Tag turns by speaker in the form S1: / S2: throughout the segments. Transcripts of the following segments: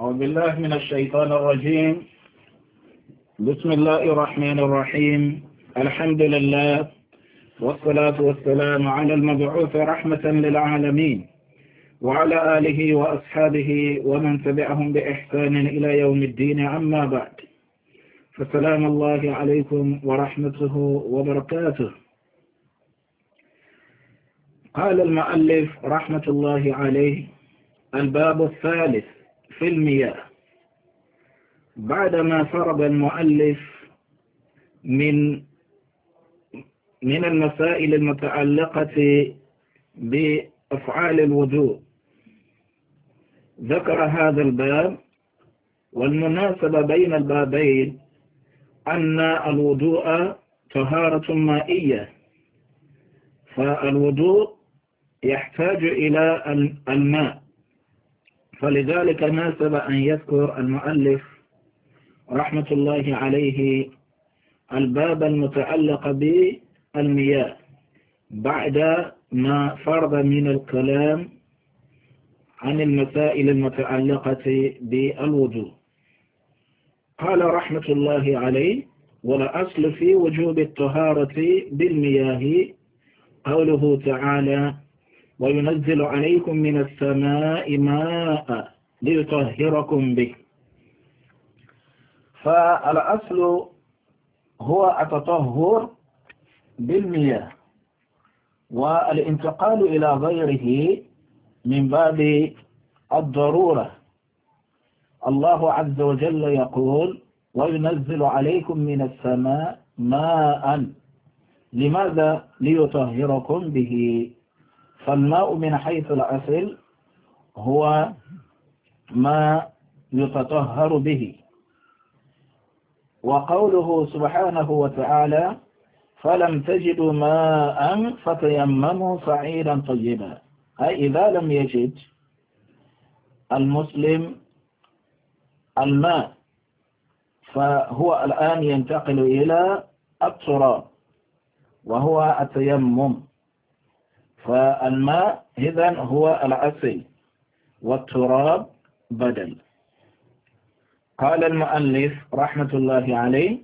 S1: أعوذ بالله من الشيطان الرجيم بسم الله الرحمن الرحيم الحمد لله والصلاة والسلام على المبعوث رحمة للعالمين وعلى آله وأصحابه ومن تبعهم بإحسان إلى يوم الدين أما بعد فسلام الله عليكم ورحمته وبركاته قال المؤلف رحمة الله عليه الباب الثالث في المياه بعدما فرض المؤلف من من المسائل المتعلقة بأفعال الوضوء ذكر هذا الباب والمناسبة بين البابين أن الوضوء طهارة مائية فالوضوء يحتاج إلى الماء فلذلك ناسب أن يذكر المؤلف رحمة الله عليه الباب المتعلق بالمياه بعد ما فرض من الكلام عن المسائل المتعلقة بالوضوء قال رحمة الله عليه والأصل في وجوب الطهارة بالمياه قوله تعالى وينزل عليكم من السماء ماء ليطهركم به فالأصل هو التطهر بالمياه والانتقال إلى غيره من باب الضرورة الله عز وجل يقول وينزل عليكم من السماء ماء لماذا ليطهركم به فالماء من حيث الأصل هو ما يتطهر به وقوله سبحانه وتعالى فلم تجدوا ماء فتيمموا صعيدا طيبا أي إذا لم يجد المسلم الماء فهو الآن ينتقل إلى التراب وهو التيمم فالماء إذا هو الأصل والتراب بدل قال المؤلف رحمة الله عليه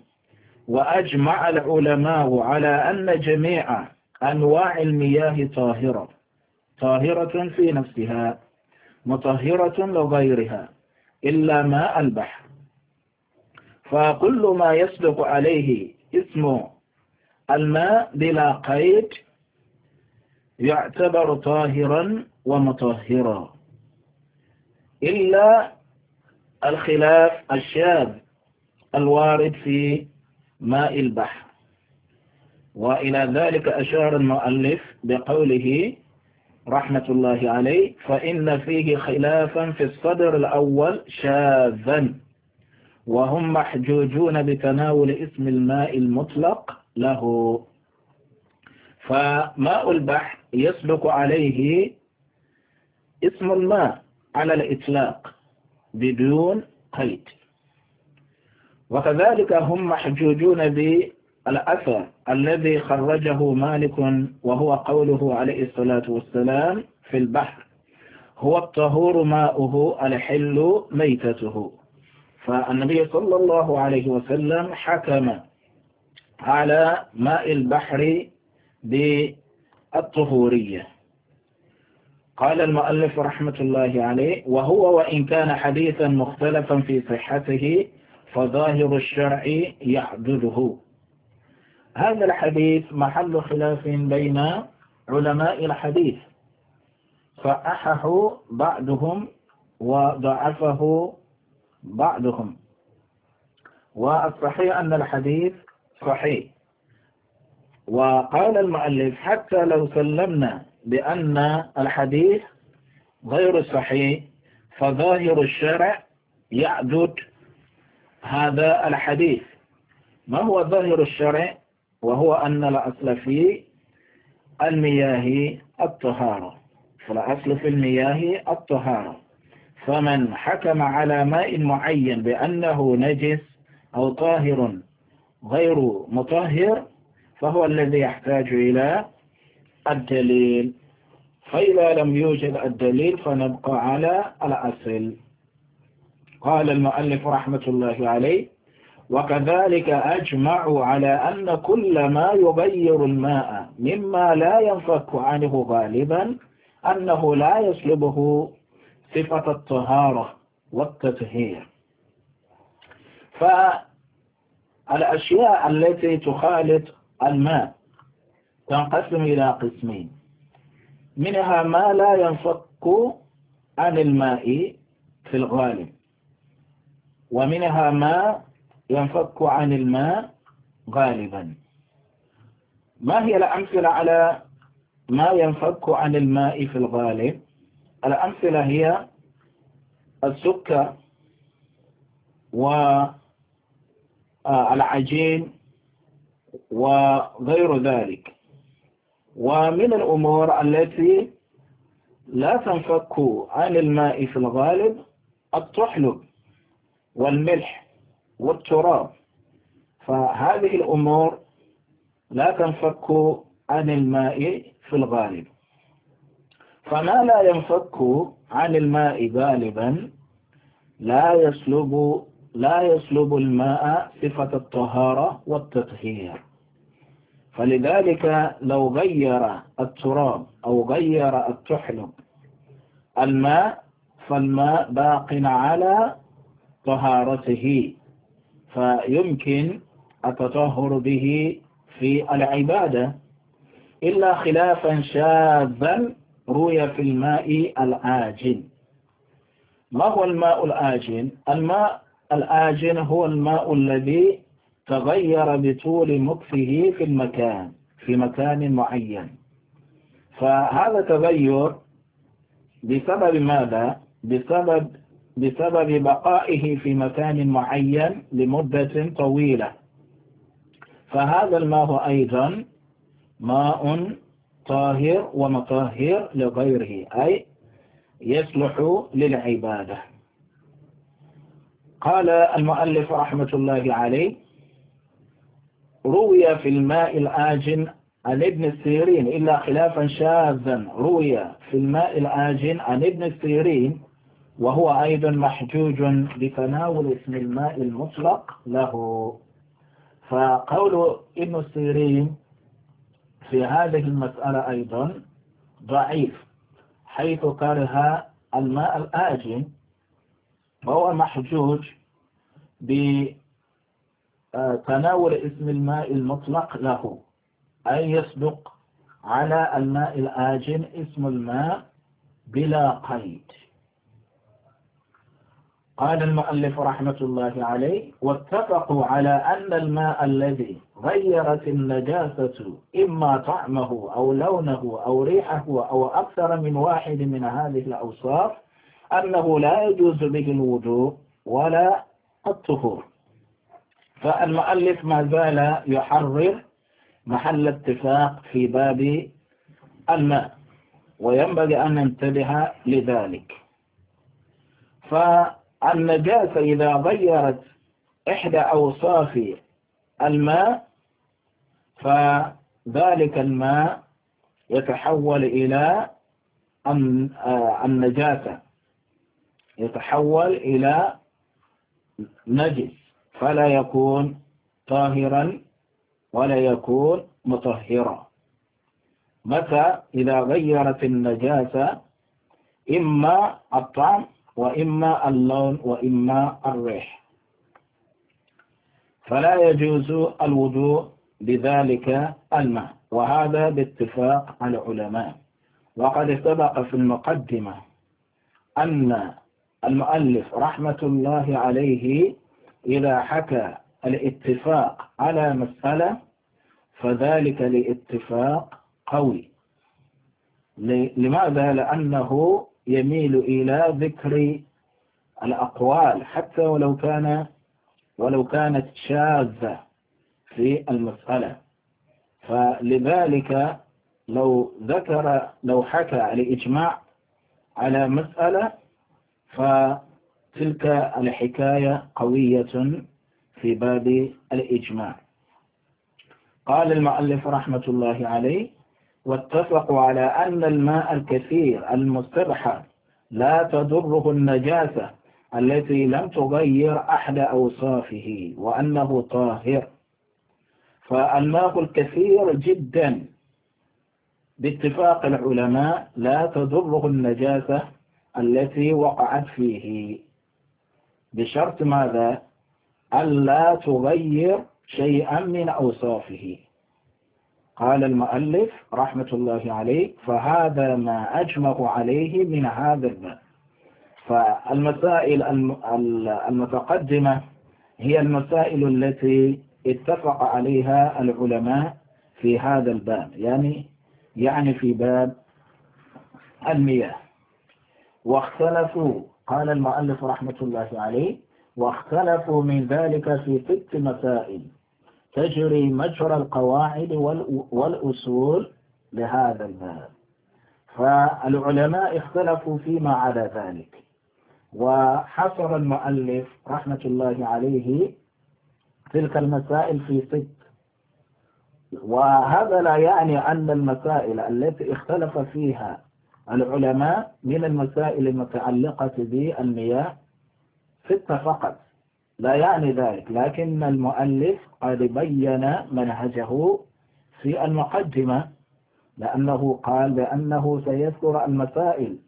S1: وأجمع العلماء على أن جميع أنواع المياه طاهرة طاهرة في نفسها مطهرة لغيرها إلا ماء البحر فكل ما يسبق عليه اسم الماء بلا قيد يعتبر طاهرا ومطهرا إلا الخلاف الشاذ الوارد في ماء البحر وإلى ذلك أشار المؤلف بقوله رحمة الله عليه فإن فيه خلافا في الصدر الأول شاذا وهم محجوجون بتناول اسم الماء المطلق له فماء البحر يسبق عليه اسم الله على الإطلاق بدون قيد وكذلك هم محجوجون بالأثر الذي خرجه مالك وهو قوله عليه الصلاة والسلام في البحر هو الطهور ماؤه الحل ميتته فالنبي صلى الله عليه وسلم حكم على ماء البحر بالبحر الطهورية قال المؤلف رحمة الله عليه وهو وإن كان حديثا مختلفا في صحته فظاهر الشرع يحدده هذا الحديث محل خلاف بين علماء الحديث صححه بعضهم وضعفه بعضهم والصحيح أن الحديث صحيح وقال المؤلف حتى لو سلمنا بأن الحديث غير صحيح فظاهر الشرع يعدد هذا الحديث ما هو ظاهر الشرع وهو أن الأصل في المياه الطهارة فالأصل في المياه الطهارة فمن حكم على ماء معين بأنه نجس أو طاهر غير مطهر فهو الذي يحتاج إلى الدليل فإذا لم يوجد الدليل فنبقى على الأصل قال المؤلف رحمة الله عليه وكذلك أجمع على أن كل ما يغير الماء مما لا ينفك عنه غالبا أنه لا يسلبه صفة الطهارة والتطهير فالأشياء التي تخالط الماء تنقسم إلى قسمين منها ما لا ينفك عن الماء في الغالب ومنها ما ينفك عن الماء غالبا ما هي الأمثلة على ما ينفك عن الماء في الغالب الأمثلة هي السكر والعجين آه، وغير ذلك ومن الأمور التي لا تنفك عن الماء في الغالب الطحلب والملح والتراب فهذه الأمور لا تنفك عن الماء في الغالب فما لا ينفك عن الماء غالبا لا يسلب لا يسلب الماء صفة الطهارة والتطهير فلذلك لو غير التراب أو غير التحلب الماء فالماء باق على طهارته فيمكن التطهر به في العبادة إلا خلافا شاذا روي في الماء العاجل ما هو الماء العاجل؟ الماء الآجن هو الماء الذي تغير بطول مكفه في المكان في مكان معين فهذا التغير بسبب ماذا؟ بسبب بسبب بقائه في مكان معين لمدة طويلة فهذا الماء أيضا ماء طاهر ومطهر لغيره أي يصلح للعبادة قال المؤلف رحمة الله عليه روي في الماء الآجن عن ابن السيرين إلا خلافا شاذا روي في الماء الآجن عن ابن السيرين وهو أيضا محجوج بتناول اسم الماء المطلق له فقول ابن السيرين في هذه المسألة أيضا ضعيف حيث كره الماء الآجن وهو محجوج بتناول آه، اسم الماء المطلق له أي يصدق على الماء الآجن اسم الماء بلا قيد قال المؤلف رحمة الله عليه واتفقوا على أن الماء الذي غيرت النجاسة إما طعمه أو لونه أو ريحه أو أكثر من واحد من هذه الأوصاف أنه لا يجوز به الوضوء ولا الطهور فالمؤلف ما زال يحرر محل اتفاق في باب الماء وينبغي أن ننتبه لذلك فالنجاسة إذا غيرت إحدى أوصاف الماء فذلك الماء يتحول إلى آه، النجاسة يتحول إلى نجس فلا يكون طاهرا ولا يكون مطهرا متى إذا غيرت النجاسة إما الطعم وإما اللون وإما الريح فلا يجوز الوضوء بذلك الماء وهذا باتفاق العلماء وقد سبق في المقدمة أن المؤلف رحمة الله عليه إذا حكى الاتفاق على مسألة فذلك لاتفاق قوي لماذا؟ لأنه يميل إلى ذكر الأقوال حتى ولو كان ولو كانت شاذة في المسألة فلذلك لو ذكر لو حكى الإجماع على مسألة فتلك الحكاية قوية في باب الإجماع قال المؤلف رحمة الله عليه واتفقوا على أن الماء الكثير المسترحى لا تضره النجاسة التي لم تغير أحد أوصافه وأنه طاهر فالماء الكثير جدا باتفاق العلماء لا تضره النجاسة التي وقعت فيه بشرط ماذا ألا تغير شيئا من أوصافه قال المؤلف رحمة الله عليه فهذا ما أجمع عليه من هذا الباب فالمسائل المتقدمة هي المسائل التي اتفق عليها العلماء في هذا الباب يعني يعني في باب المياه واختلفوا قال المؤلف رحمة الله عليه واختلفوا من ذلك في ست مسائل تجري مجرى القواعد والأصول لهذا الباب فالعلماء اختلفوا فيما على ذلك وحصر المؤلف رحمة الله عليه تلك المسائل في ست وهذا لا يعني أن المسائل التي اختلف فيها العلماء من المسائل المتعلقة بالمياه ستة فقط لا يعني ذلك لكن المؤلف قد بين منهجه في المقدمة لأنه قال بأنه سيذكر المسائل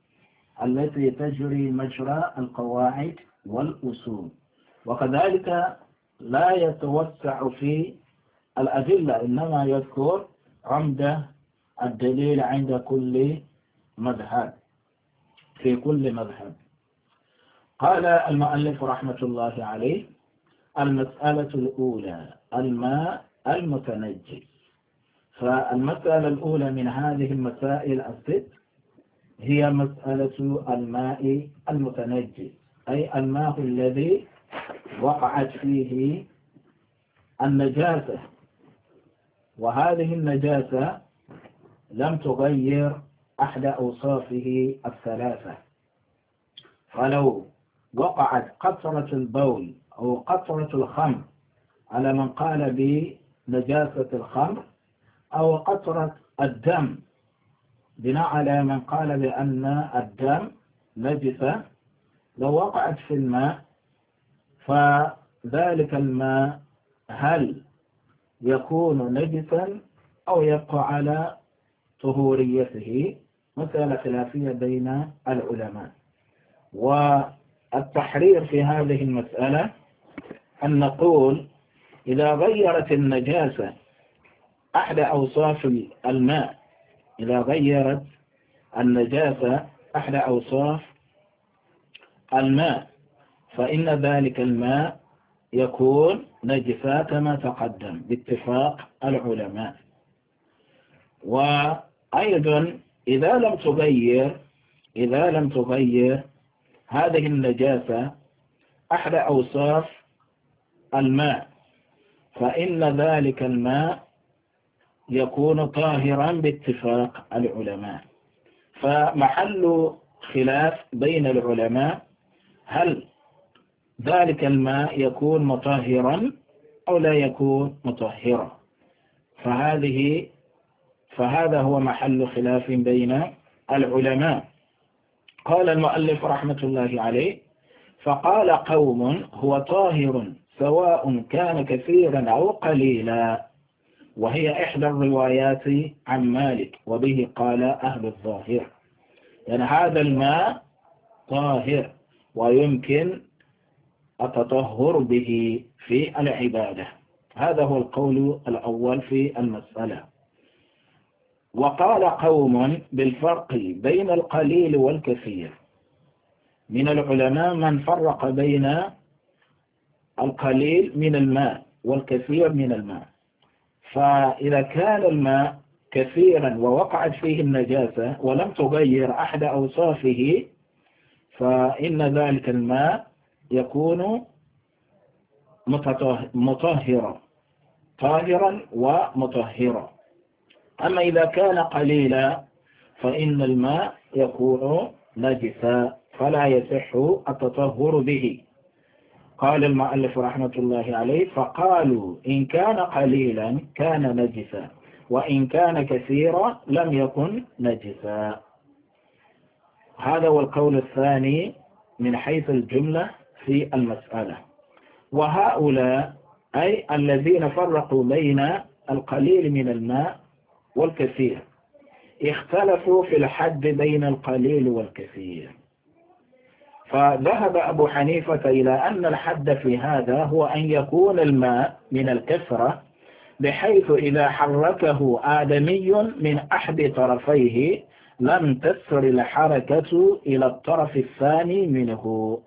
S1: التي تجري مجرى القواعد والأصول وكذلك لا يتوسع في الأدلة إنما يذكر عمدة الدليل عند كل مذهب في كل مذهب قال المؤلف رحمة الله عليه المسألة الأولى الماء المتنجس فالمسألة الأولى من هذه المسائل الست هي مسألة الماء المتنجس أي الماء الذي وقعت فيه النجاسة وهذه النجاسة لم تغير أحد أوصافه الثلاثة فلو وقعت قطرة البول أو قطرة الخمر على من قال بنجاسة الخمر أو قطرة الدم بناء على من قال بأن الدم نجسة لو وقعت في الماء فذلك الماء هل يكون نجسا أو يبقى على طهوريته مسألة خلافية بين العلماء والتحرير في هذه المسألة أن نقول إذا غيرت النجاسة أحد أوصاف الماء إذا غيرت النجاسة أحد أوصاف الماء فإن ذلك الماء يكون نجفا كما تقدم باتفاق العلماء وأيضا إذا لم تغير إذا لم تغير هذه النجاسة أحد أوصاف الماء فإن ذلك الماء يكون طاهرا باتفاق العلماء فمحل خلاف بين العلماء هل ذلك الماء يكون مطهرا أو لا يكون مطهرا فهذه فهذا هو محل خلاف بين العلماء قال المؤلف رحمة الله عليه فقال قوم هو طاهر سواء كان كثيرا أو قليلا وهي إحدى الروايات عن مالك وبه قال أهل الظاهر يعني هذا الماء طاهر ويمكن التطهر به في العبادة هذا هو القول الأول في المسألة وقال قوم بالفرق بين القليل والكثير من العلماء من فرق بين القليل من الماء والكثير من الماء فإذا كان الماء كثيرا ووقعت فيه النجاسة ولم تغير أحد أوصافه فإن ذلك الماء يكون مطهرا طاهرا ومطهرا أما إذا كان قليلا فإن الماء يكون نجسا فلا يصح التطهر به قال المؤلف رحمة الله عليه فقالوا إن كان قليلا كان نجسا وإن كان كثيرا لم يكن نجسا هذا هو القول الثاني من حيث الجملة في المسألة وهؤلاء أي الذين فرقوا بين القليل من الماء والكثير اختلفوا في الحد بين القليل والكثير فذهب أبو حنيفة إلى أن الحد في هذا هو أن يكون الماء من الكثرة بحيث إذا حركه آدمي من أحد طرفيه لم تسر الحركة إلى الطرف الثاني منه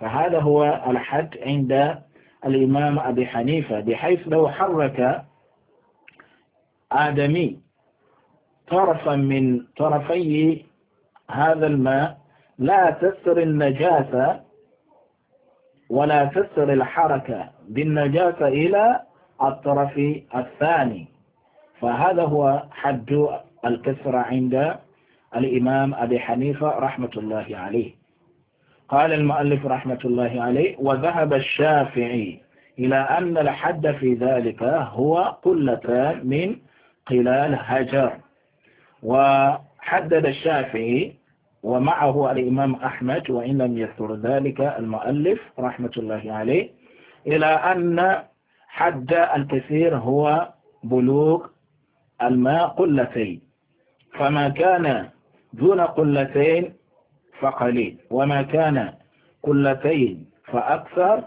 S1: فهذا هو الحد عند الإمام أبي حنيفة بحيث لو حرك آدمي طرفا من طرفي هذا الماء لا تسر النجاسة ولا تسر الحركة بالنجاسة إلى الطرف الثاني فهذا هو حد الكسر عند الإمام أبي حنيفة رحمة الله عليه قال المؤلف رحمة الله عليه وذهب الشافعي إلى أن الحد في ذلك هو قلتان من قلال هجر وحدد الشافعي ومعه الإمام أحمد وإن لم يذكر ذلك المؤلف رحمة الله عليه إلى أن حد الكثير هو بلوغ الماء قلتين فما كان دون قلتين فقليل وما كان قلتين فأكثر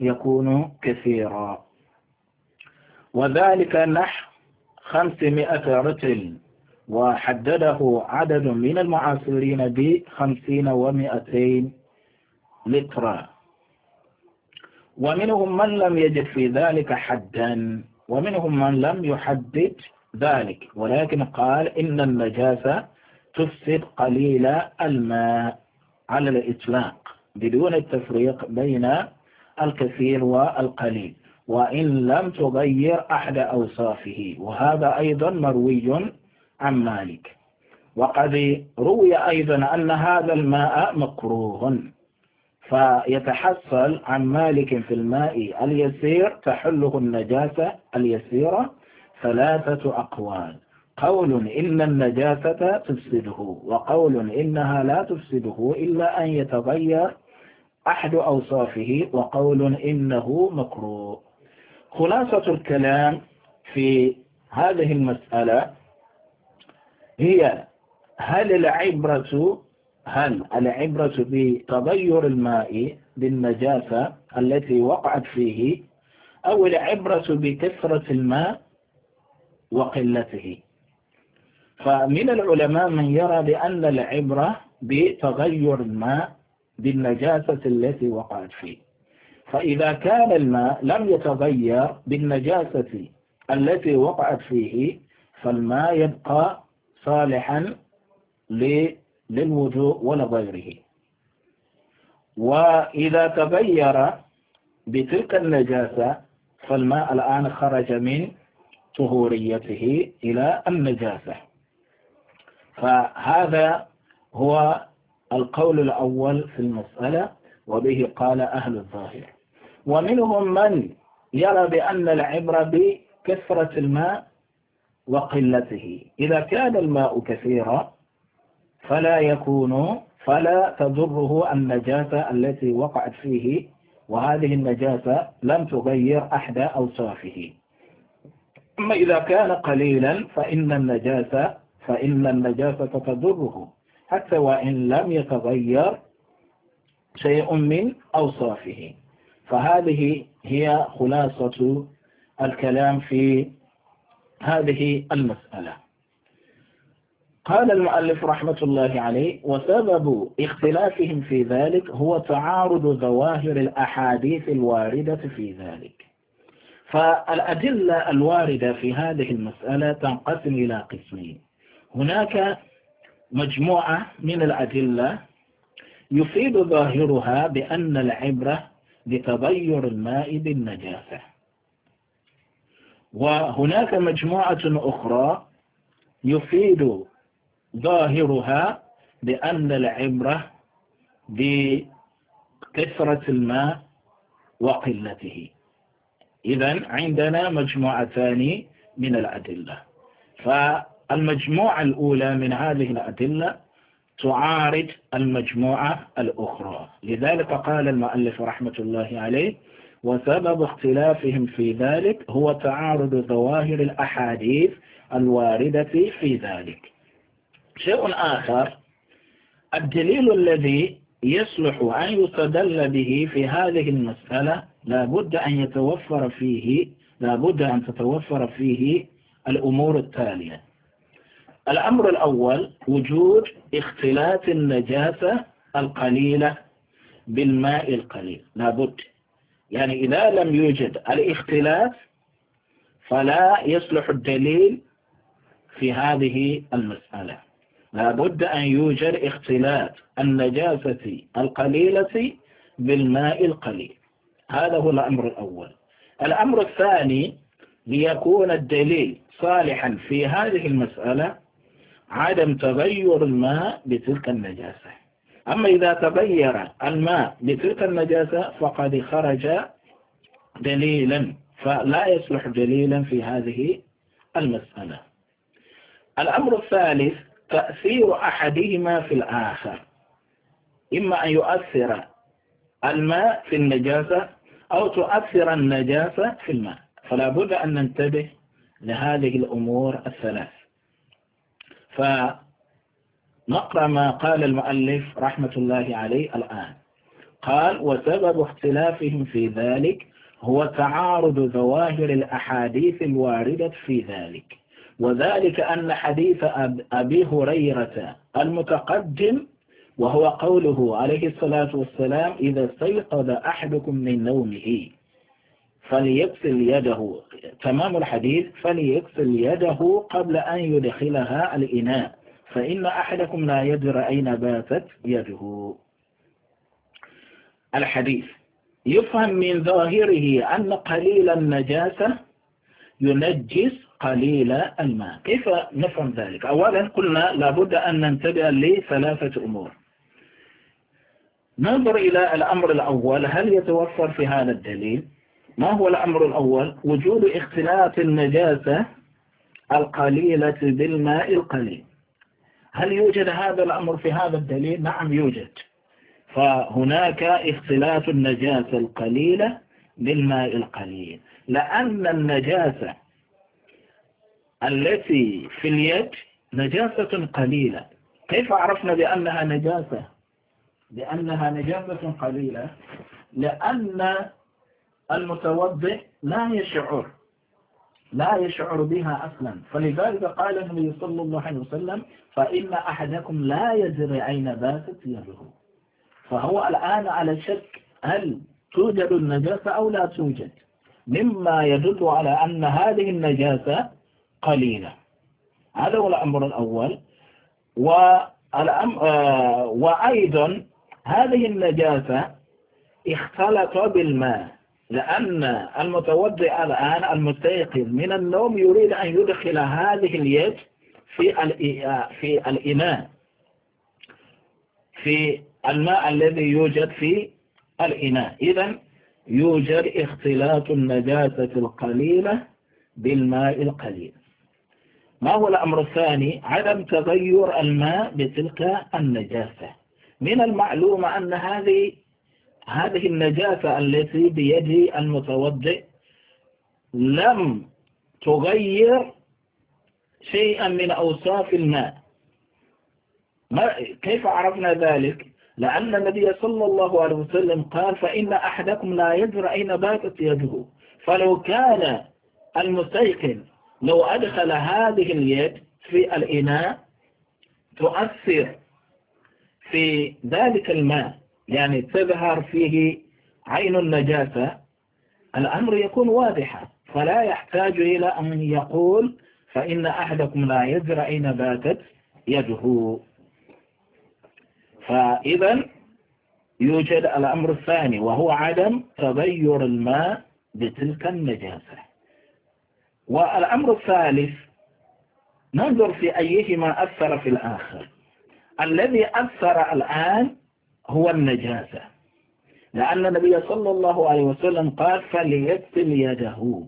S1: يكون كثيرا وذلك نحو خمسمائة رتل وحدده عدد من المعاصرين بخمسين ومئتين لترا ومنهم من لم يجد في ذلك حدا ومنهم من لم يحدد ذلك ولكن قال إن النجاسة تفسد قليل الماء على الإطلاق بدون التفريق بين الكثير والقليل وإن لم تغير أحد أوصافه وهذا أيضا مروي عن مالك وقد روي أيضا أن هذا الماء مكروه فيتحصل عن مالك في الماء اليسير تحله النجاسة اليسيرة ثلاثة أقوال قول إن النجاسة تفسده وقول إنها لا تفسده إلا أن يتغير أحد أوصافه وقول إنه مكروه خلاصة الكلام في هذه المسألة هي هل العبرة هل العبرة بتغير الماء بالنجاسة التي وقعت فيه أو العبرة بكثرة الماء وقلته فمن العلماء من يرى بأن العبرة بتغير الماء بالنجاسة التي وقعت فيه فإذا كان الماء لم يتغير بالنجاسة التي وقعت فيه فالماء يبقى صالحا للوجوء ولغيره وإذا تغير بتلك النجاسة فالماء الآن خرج من طهوريته إلى النجاسة فهذا هو القول الأول في المسألة وبه قال أهل الظاهر ومنهم من يرى بأن العبرة بكثرة الماء وقلته إذا كان الماء كثيرا فلا يكون فلا تضره النجاسة التي وقعت فيه وهذه النجاسة لم تغير أحد أوصافه أما إذا كان قليلا فإن النجاسة فإن النجاسة تضره حتى وإن لم يتغير شيء من أوصافه فهذه هي خلاصة الكلام في هذه المسألة قال المؤلف رحمة الله عليه وسبب اختلافهم في ذلك هو تعارض ظواهر الأحاديث الواردة في ذلك فالأدلة الواردة في هذه المسألة تنقسم إلى قسمين هناك مجموعة من الأدلة يفيد ظاهرها بأن العبرة بتغير الماء بالنجاسة وهناك مجموعة أخرى يفيد ظاهرها بأن العبرة بكثرة الماء وقلته إذا عندنا مجموعتان من الأدلة فالمجموعة الأولى من هذه الأدلة تعارض المجموعة الأخرى لذلك قال المؤلف رحمة الله عليه وسبب اختلافهم في ذلك هو تعارض ظواهر الأحاديث الواردة في ذلك شيء آخر الدليل الذي يصلح أن يستدل به في هذه المسألة لابد أن يتوفر فيه لابد أن تتوفر فيه الأمور التالية الأمر الأول وجود اختلاط النجاسة القليلة بالماء القليل لابد يعني إذا لم يوجد الاختلاف فلا يصلح الدليل في هذه المسألة لابد أن يوجد اختلاف النجاسة القليلة بالماء القليل هذا هو الأمر الأول الأمر الثاني ليكون الدليل صالحا في هذه المسألة عدم تغير الماء بتلك النجاسة أما إذا تغير الماء بتلك النجاسة فقد خرج دليلا فلا يصلح دليلا في هذه المسألة الأمر الثالث تأثير أحدهما في الآخر إما أن يؤثر الماء في النجاسة أو تؤثر النجاسة في الماء فلا بد أن ننتبه لهذه الأمور الثلاث فالأمر نقرأ ما قال المؤلف رحمة الله عليه الآن قال وسبب اختلافهم في ذلك هو تعارض ظواهر الأحاديث الواردة في ذلك وذلك أن حديث أبي هريرة المتقدم وهو قوله عليه الصلاة والسلام إذا استيقظ أحدكم من نومه فليغسل يده تمام الحديث فليغسل يده قبل أن يدخلها الإناء فإن أحدكم لا يدري أين باتت يده الحديث يفهم من ظاهره أن قليل النجاسة ينجس قليل الماء كيف نفهم ذلك أولا قلنا لابد أن ننتبه لثلاثة أمور ننظر إلى الأمر الأول هل يتوفر في هذا الدليل ما هو الأمر الأول وجود اختلاط النجاسة القليلة بالماء القليل هل يوجد هذا الأمر في هذا الدليل؟ نعم يوجد فهناك اختلاف النجاسة القليلة بالماء القليل لأن النجاسة التي في اليد نجاسة قليلة كيف عرفنا بأنها نجاسة؟ لأنها نجاسة قليلة لأن المتوضئ لا يشعر لا يشعر بها أصلا فلذلك قال النبي صلى الله عليه وسلم فإن أحدكم لا يدري أين باتت يده فهو الآن على شك هل توجد النجاسة أو لا توجد مما يدل على أن هذه النجاسة قليلة هذا هو الأمر الأول والأم... آه، وأيضا هذه النجاسة اختلط بالماء لأن المتوضئ الآن المستيقظ من النوم يريد أن يدخل هذه اليد في في الإناء في الماء الذي يوجد في الإناء إذا يوجد اختلاط النجاسة القليلة بالماء القليل ما هو الأمر الثاني عدم تغير الماء بتلك النجاسة من المعلوم أن هذه هذه النجاسة التي بيد المتوضئ لم تغير شيئا من أوصاف الماء ما كيف عرفنا ذلك؟ لأن النبي صلى الله عليه وسلم قال فإن أحدكم لا يدري أين باتت يده فلو كان المستيقن لو أدخل هذه اليد في الإناء تؤثر في ذلك الماء يعني تظهر فيه عين النجاسة الأمر يكون واضحا فلا يحتاج إلى أن يقول فإن أحدكم لا يزرع باتت يده فإذا يوجد الأمر الثاني وهو عدم تغير الماء بتلك النجاسة والأمر الثالث ننظر في أيهما أثر في الآخر الذي أثر الآن هو النجاسة لأن النبي صلى الله عليه وسلم قال فليغسل يده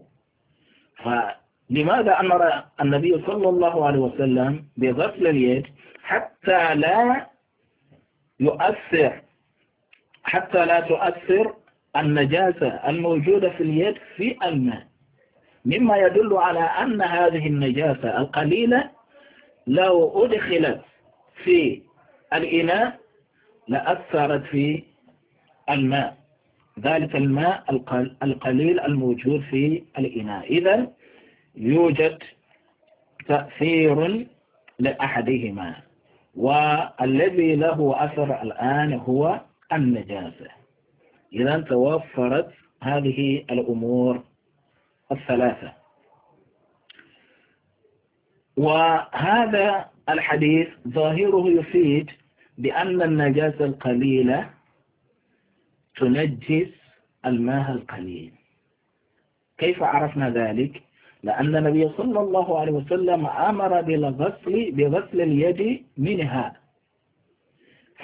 S1: فلماذا أمر النبي صلى الله عليه وسلم بغسل اليد حتى لا يؤثر حتى لا تؤثر النجاسة الموجودة في اليد في الماء مما يدل على أن هذه النجاسة القليلة لو أدخلت في الإناء لأثرت في الماء ذلك الماء القليل الموجود في الإناء إذا يوجد تأثير لأحدهما والذي له أثر الآن هو النجاسة إذا توفرت هذه الأمور الثلاثة وهذا الحديث ظاهره يفيد بأن النجاسة القليلة تنجس الماء القليل كيف عرفنا ذلك؟ لأن النبي صلى الله عليه وسلم أمر بالغسل بغسل اليد منها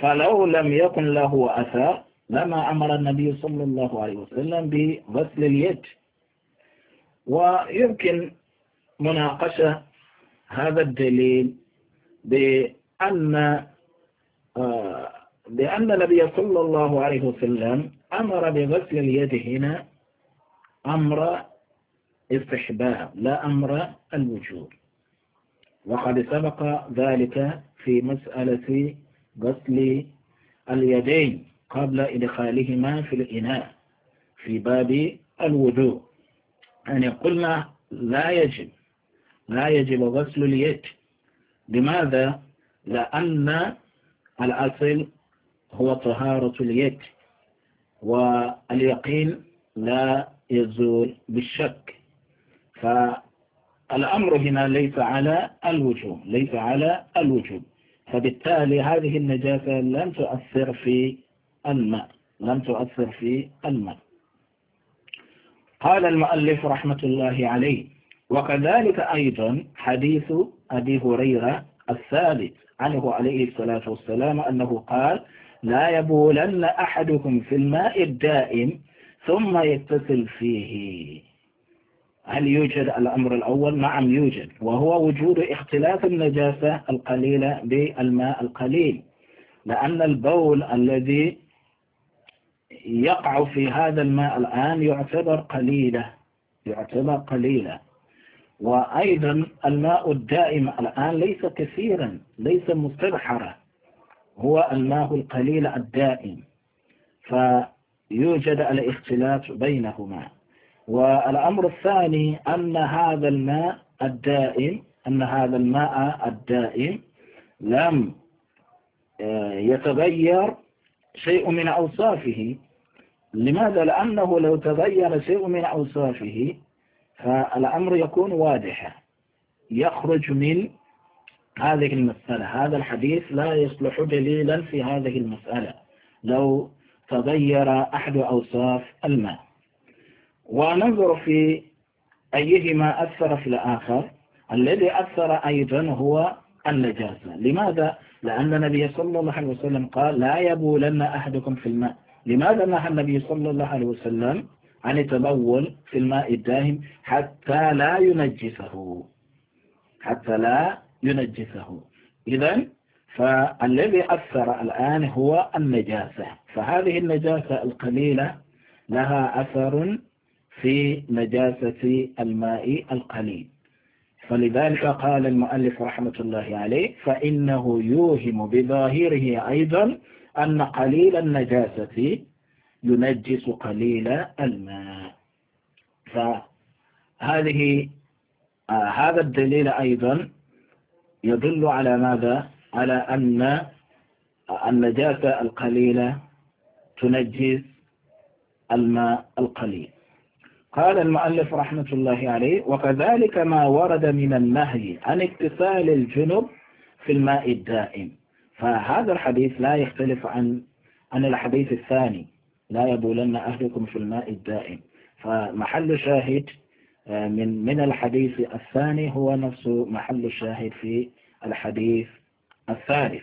S1: فلو لم يكن له أثر لما أمر النبي صلى الله عليه وسلم بغسل اليد ويمكن مناقشة هذا الدليل بأن آه، لأن النبي صلى الله عليه وسلم أمر بغسل اليد هنا أمر استحباب لا أمر الوجوب وقد سبق ذلك في مسألة غسل اليدين قبل إدخالهما في الإناء في باب الوضوء يعني قلنا لا يجب لا يجب غسل اليد لماذا؟ لأن الأصل هو طهارة اليد واليقين لا يزول بالشك فالأمر هنا ليس على الوجوب ليس على الوجوب فبالتالي هذه النجاسة لم تؤثر في الماء لم تؤثر في الماء قال المؤلف رحمة الله عليه وكذلك أيضا حديث أبي هريرة الثابت عنه عليه الصلاة والسلام أنه قال لا يبولن أحدكم في الماء الدائم ثم يتصل فيه هل يوجد الأمر الأول؟ نعم يوجد وهو وجود اختلاف النجاسة القليلة بالماء القليل لأن البول الذي يقع في هذا الماء الآن يعتبر قليلة يعتبر قليلة وأيضا الماء الدائم الآن ليس كثيرا ليس مستبحرا هو الماء القليل الدائم فيوجد الاختلاف بينهما والأمر الثاني أن هذا الماء الدائم أن هذا الماء الدائم لم آه، يتغير شيء من أوصافه لماذا؟ لأنه لو تغير شيء من أوصافه فالأمر يكون واضحا يخرج من هذه المسألة هذا الحديث لا يصلح دليلا في هذه المسألة لو تغير أحد أوصاف الماء وننظر في أيهما أثر في الآخر الذي أثر أيضا هو النجاسة لماذا؟ لأن النبي صلى الله عليه وسلم قال لا يبولن أحدكم في الماء لماذا نهى النبي صلى الله عليه وسلم عن التبول في الماء الداهم حتى لا ينجسه حتى لا ينجسه إذا فالذي أثر الآن هو النجاسة فهذه النجاسة القليلة لها أثر في نجاسة الماء القليل فلذلك قال المؤلف رحمة الله عليه فإنه يوهم بظاهره أيضا أن قليل النجاسة ينجس قليل الماء فهذه آه هذا الدليل أيضا يدل على ماذا على أن آه، النجاسة القليلة تنجس الماء القليل قال المؤلف رحمة الله عليه وكذلك ما ورد من النهي عن اكتسال الجنب في الماء الدائم فهذا الحديث لا يختلف عن عن الحديث الثاني لا يبولن أهلكم في الماء الدائم فمحل شاهد آه، من من الحديث الثاني هو نفس محل الشاهد في الحديث الثالث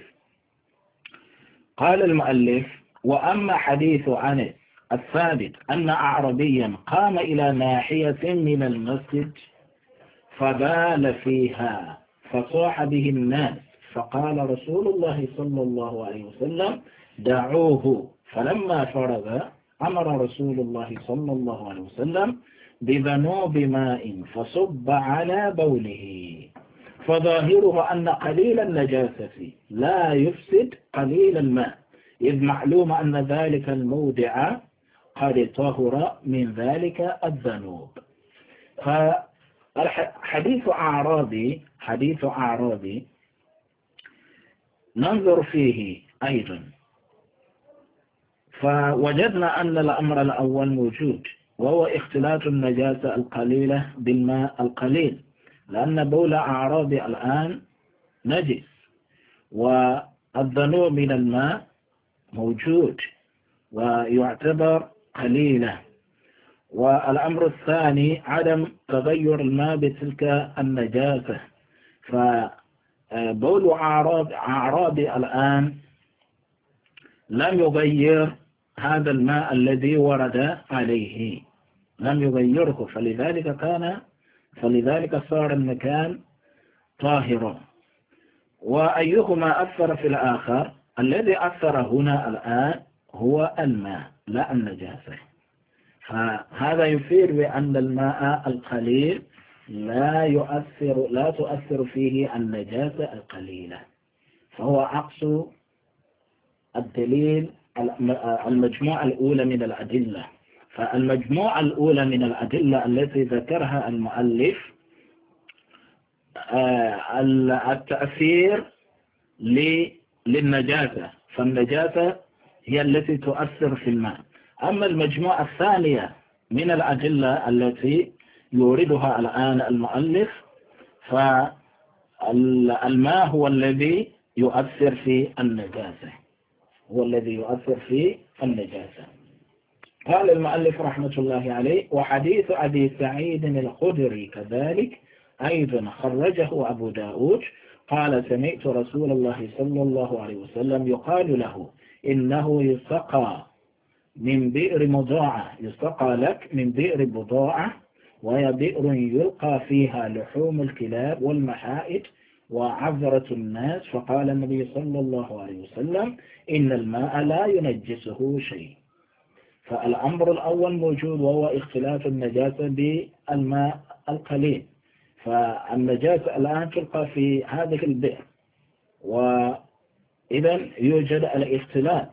S1: قال المؤلف وأما حديث عن الثابت أن أعربيا قام إلى ناحية من المسجد فبال فيها فصاح به الناس فقال رسول الله صلى الله عليه وسلم دعوه فلما فرغ أمر رسول الله صلى الله عليه وسلم بذنوب ماء فصب على بوله فظاهره أن قليل النجاسة لا يفسد قليل الماء إذ معلوم أن ذلك المودع قد طهر من ذلك الذنوب فحديث أعرابي حديث أعرابي ننظر فيه أيضا فوجدنا أن الأمر الأول موجود وهو اختلاط النجاسة القليلة بالماء القليل لأن بول أعراضي الآن نجس والذنوب من الماء موجود ويعتبر قليلة والأمر الثاني عدم تغير الماء بتلك النجاسة فبول أعراض أعراضي الآن لم يغير هذا الماء الذي ورد عليه لم يغيره فلذلك كان فلذلك صار المكان طاهرا وأيهما أثر في الآخر الذي أثر هنا الآن هو الماء لا النجاسة فهذا يفير بأن الماء القليل لا يؤثر لا تؤثر فيه النجاسة القليلة فهو عكس الدليل آه، المجموعة الأولى من الأدلة فالمجموعة الأولى من الأدلة التي ذكرها المؤلف آه، التأثير للنجاسة فالنجاسة هي التي تؤثر في الماء أما المجموعة الثانية من الأدلة التي يوردها الآن المؤلف فالماء هو الذي يؤثر في النجاسة هو الذي يؤثر في النجاسة قال المؤلف رحمة الله عليه وحديث أبي سعيد الخدري كذلك أيضا خرجه أبو داود قال سمعت رسول الله صلى الله عليه وسلم يقال له إنه يسقى من بئر مضاعة يسقى لك من بئر بضاعة وهي بئر يلقى فيها لحوم الكلاب والمحائط وعذرة الناس فقال النبي صلى الله عليه وسلم إن الماء لا ينجسه شيء
S2: فالأمر
S1: الأول موجود وهو اختلاف النجاسة بالماء القليل فالنجاسة الآن تلقى في هذه البئر وإذا يوجد الاختلاط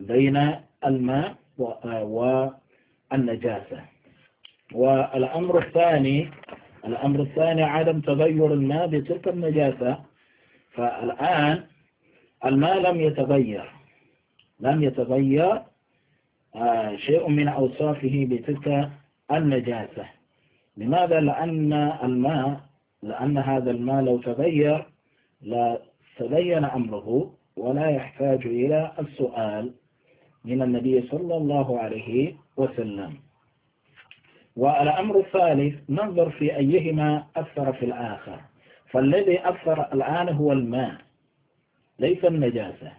S1: بين الماء آه، والنجاسة والأمر الثاني الأمر الثاني عدم تغير الماء بتلك النجاسة فالآن الماء لم يتغير لم يتغير آه، شيء من أوصافه بتلك النجاسة لماذا؟ لأن الماء لأن هذا الماء لو تغير لا تبين أمره ولا يحتاج إلى السؤال من النبي صلى الله عليه وسلم والأمر الثالث ننظر في أيهما أثر في الآخر فالذي أثر الآن هو الماء ليس النجاسة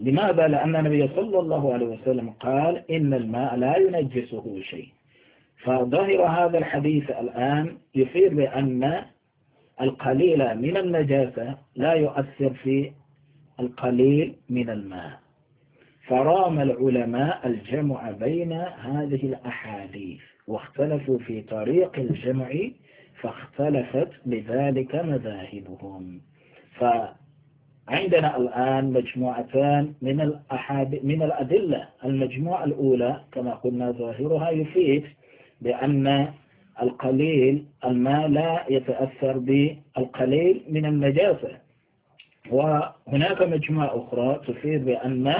S1: لماذا؟ لأن النبي صلى الله عليه وسلم قال إن الماء لا ينجسه شيء فظاهر هذا الحديث الآن يشير بأن القليل من النجاسة لا يؤثر في القليل من الماء فرام العلماء الجمع بين هذه الأحاديث واختلفوا في طريق الجمع فاختلفت بذلك مذاهبهم فعندنا الآن مجموعتان من الأحاد من الأدلة المجموعة الأولى كما قلنا ظاهرها يفيد بأن القليل الماء لا يتأثر بالقليل من النجاسة وهناك مجموعة أخرى تفيد بأن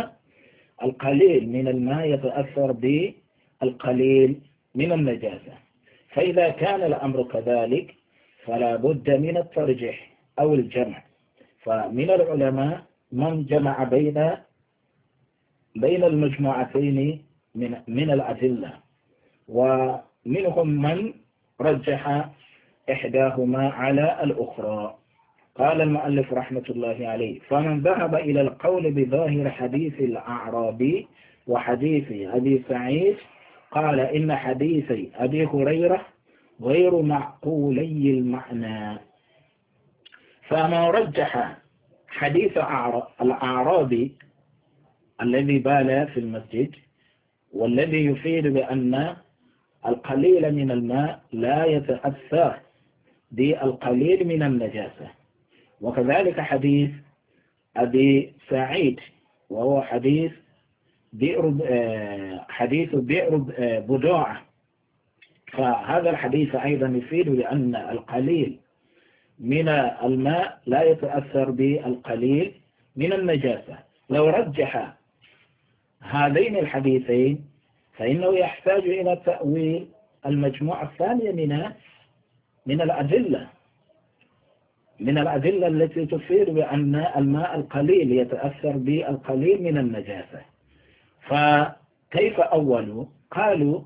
S1: القليل من الماء يتأثر بالقليل من النجاسة فإذا كان الأمر كذلك فلا بد من الترجح أو الجمع فمن العلماء من جمع بين بين المجموعتين من من الأدلة ومنهم من رجح إحداهما على الأخرى قال المؤلف رحمة الله عليه فمن ذهب إلى القول بظاهر حديث الأعرابي وحديث أبي سعيد قال إن حديثي أبي هريرة غير معقولي المعنى فما رجح حديث الأعرابي الذي بال في المسجد والذي يفيد بأن القليل من الماء لا يتأثر بالقليل من النجاسة وكذلك حديث أبي سعيد وهو حديث بئر آه، حديث بئر آه، بضاعة فهذا الحديث أيضا يفيد لأن القليل من الماء لا يتأثر بالقليل من النجاسة لو رجح هذين الحديثين فإنه يحتاج إلى تأويل المجموعة الثانية من من الأدلة من الأدلة التي تفيد بأن الماء القليل يتأثر بالقليل من النجاسة فكيف أولوا قالوا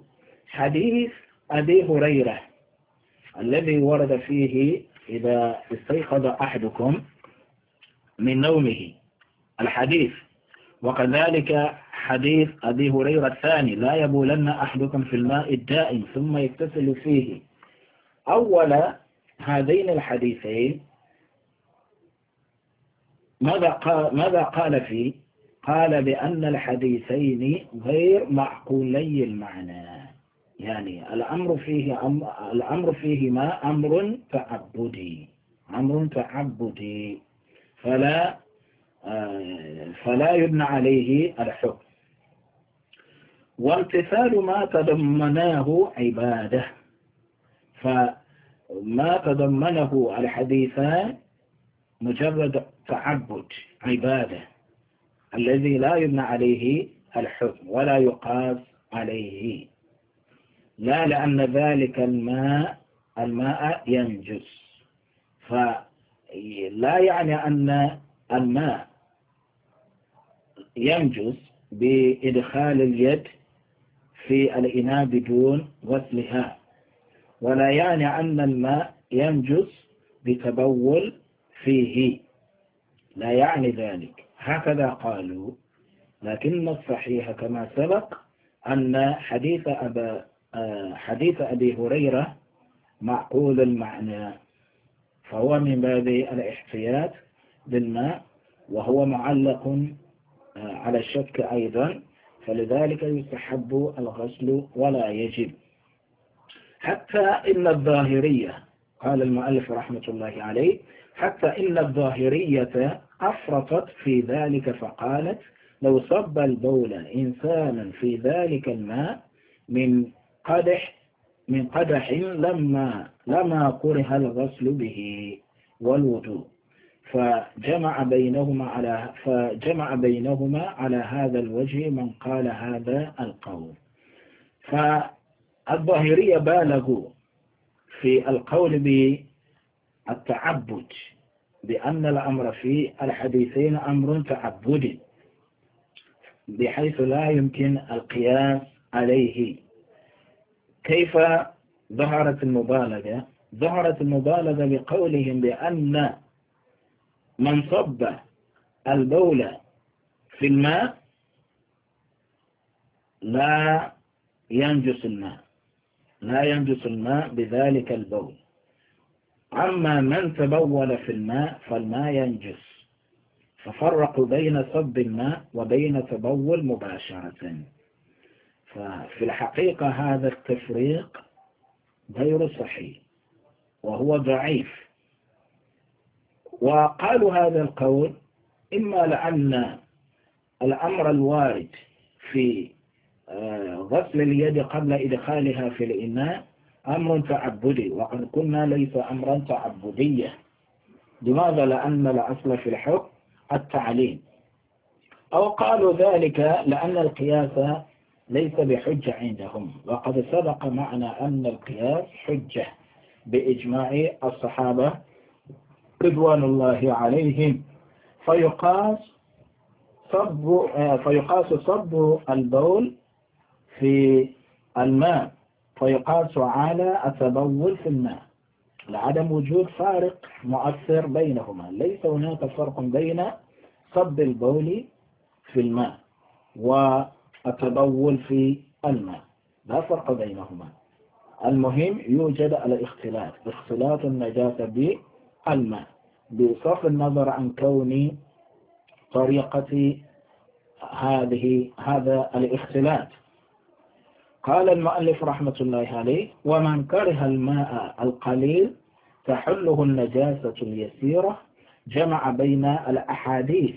S1: حديث أبي هريرة الذي ورد فيه إذا استيقظ أحدكم من نومه الحديث وكذلك حديث أبي هريرة الثاني لا يبولن أحدكم في الماء الدائم ثم يكتسل فيه أول هذين الحديثين ماذا قال, ماذا قال فيه قال بأن الحديثين غير معقولي المعنى يعني الأمر فيه أم... الأمر فيهما أمر تعبدي أمر تعبدي فلا آه، فلا يبنى عليه الحكم وامتثال ما تضمناه عبادة فما تضمنه الحديثان مجرد تعبد عبادة الذي لا يبنى عليه الحكم ولا يقاس عليه لا لأن ذلك الماء الماء ينجس فلا يعني أن الماء ينجس بإدخال اليد في الإناء بدون غسلها ولا يعني أن الماء ينجس بتبول فيه لا يعني ذلك هكذا قالوا لكن الصحيح كما سبق أن حديث, أبا حديث أبي هريرة معقول المعنى فهو من باب الاحتياط بالماء وهو معلق آه، على الشك أيضا فلذلك يستحب الغسل ولا يجب حتى إن الظاهرية قال المؤلف رحمة الله عليه حتى إن الظاهرية أفرطت في ذلك فقالت لو صب البول إنسانا في ذلك الماء من قدح من قدح لما لما كره الغسل به والوضوء فجمع بينهما على فجمع بينهما على هذا الوجه من قال هذا القول فالظاهرية بالغوا في القول بالتعبد بأن الأمر في الحديثين أمر تعبدي بحيث لا يمكن القياس عليه كيف ظهرت المبالغة ظهرت المبالغة بقولهم بأن من صب البول في الماء لا ينجس الماء لا ينجس الماء بذلك البول أما من تبول في الماء فالماء ينجس ففرقوا بين صب الماء وبين تبول مباشرة ففي الحقيقة هذا التفريق غير صحيح وهو ضعيف وقالوا هذا القول إما لأن الأمر الوارد في آه، غسل اليد قبل إدخالها في الإناء أمر تعبدي وقد كنا ليس أمرا تعبديا لماذا لأن الأصل في الحكم التعليم أو قالوا ذلك لأن القياس ليس بحجة عندهم وقد سبق معنا أن القياس حجة بإجماع الصحابة رضوان الله عليهم فيقاس صب آه، فيقاس صب البول في الماء فيقاس على التبول في الماء لعدم وجود فارق مؤثر بينهما ليس هناك فرق بين صب البول في الماء والتبول في الماء لا فرق بينهما المهم يوجد الاختلاف اختلاط النجاسة بالماء بصرف النظر عن كون طريقة هذه هذا الاختلاط قال المؤلف رحمة الله عليه ومن كره الماء القليل تحله النجاسة اليسيرة جمع بين الأحاديث